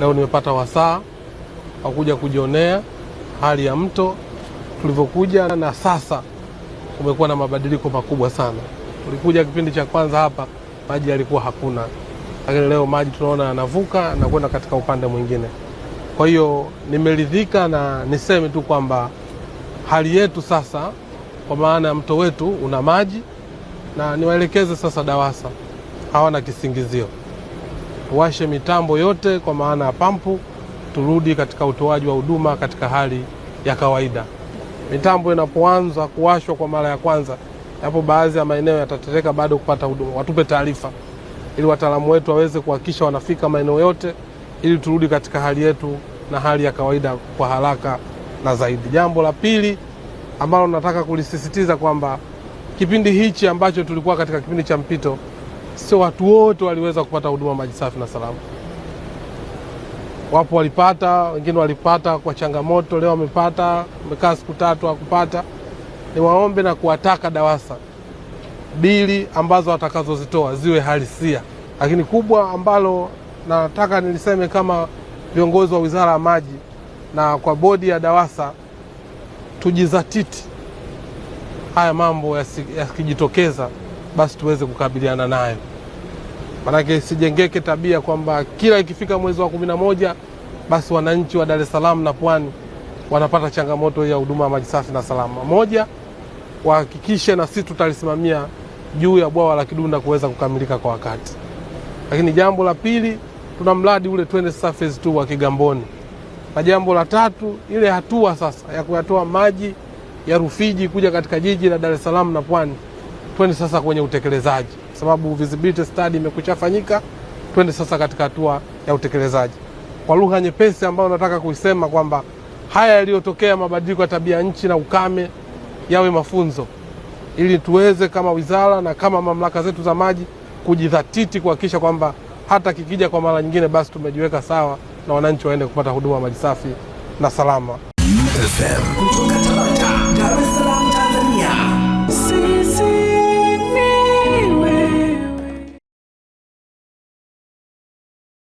Leo nimepata wasaa wa kuja kujionea hali ya mto tulivyokuja, na sasa kumekuwa na mabadiliko makubwa sana. Ulikuja kipindi cha kwanza hapa maji yalikuwa hakuna, lakini leo maji tunaona yanavuka na kwenda katika upande mwingine. Kwa hiyo nimeridhika na niseme tu kwamba hali yetu sasa, kwa maana ya mto wetu una maji, na niwaelekeze sasa DAWASA hawana kisingizio tuwashe mitambo yote kwa maana ya pampu, turudi katika utoaji wa huduma katika hali ya kawaida. Mitambo inapoanza kuwashwa kwa mara ya kwanza, yapo baadhi ya maeneo yatatereka bado kupata huduma, watupe taarifa ili wataalamu wetu waweze kuhakikisha wanafika maeneo yote, ili turudi katika hali yetu na hali ya kawaida kwa haraka na zaidi. Jambo la pili ambalo nataka kulisisitiza kwamba kipindi hichi ambacho tulikuwa katika kipindi cha mpito sio watu wote waliweza kupata huduma maji safi na salama. Wapo walipata, wengine walipata kwa changamoto, leo wamepata, wamekaa siku tatu hakupata. Niwaombe na kuwataka DAWASA bili ambazo watakazozitoa ziwe halisia, lakini kubwa ambalo nataka niliseme kama viongozi wa Wizara ya Maji na kwa bodi ya DAWASA tujizatiti haya mambo yakijitokeza yasi basi tuweze kukabiliana nayo, manake sijengeke tabia kwamba kila ikifika mwezi wa kumi na moja basi wananchi wa Dar es Salaam na Pwani wanapata changamoto ya huduma ya maji safi na salama. Moja, wahakikishe na sisi tutalisimamia juu ya bwawa la Kidunda kuweza kukamilika kwa wakati. Lakini jambo la pili, tuna mradi ule twende surface tu wa Kigamboni, na jambo la tatu, ile hatua sasa ya kuyatoa maji ya Rufiji kuja katika jiji la Dar es Salaam na Pwani twende sasa kwenye utekelezaji, sababu visibility study imekuchafanyika, Twende sasa katika hatua ya utekelezaji. Kwa lugha nyepesi ambayo nataka kuisema kwamba haya yaliyotokea mabadiliko ya tabia nchi na ukame yawe mafunzo, ili tuweze kama wizara na kama mamlaka zetu za maji kujidhatiti kuhakikisha kwamba hata kikija kwa mara nyingine, basi tumejiweka sawa na wananchi waende kupata huduma maji safi na salama. FM.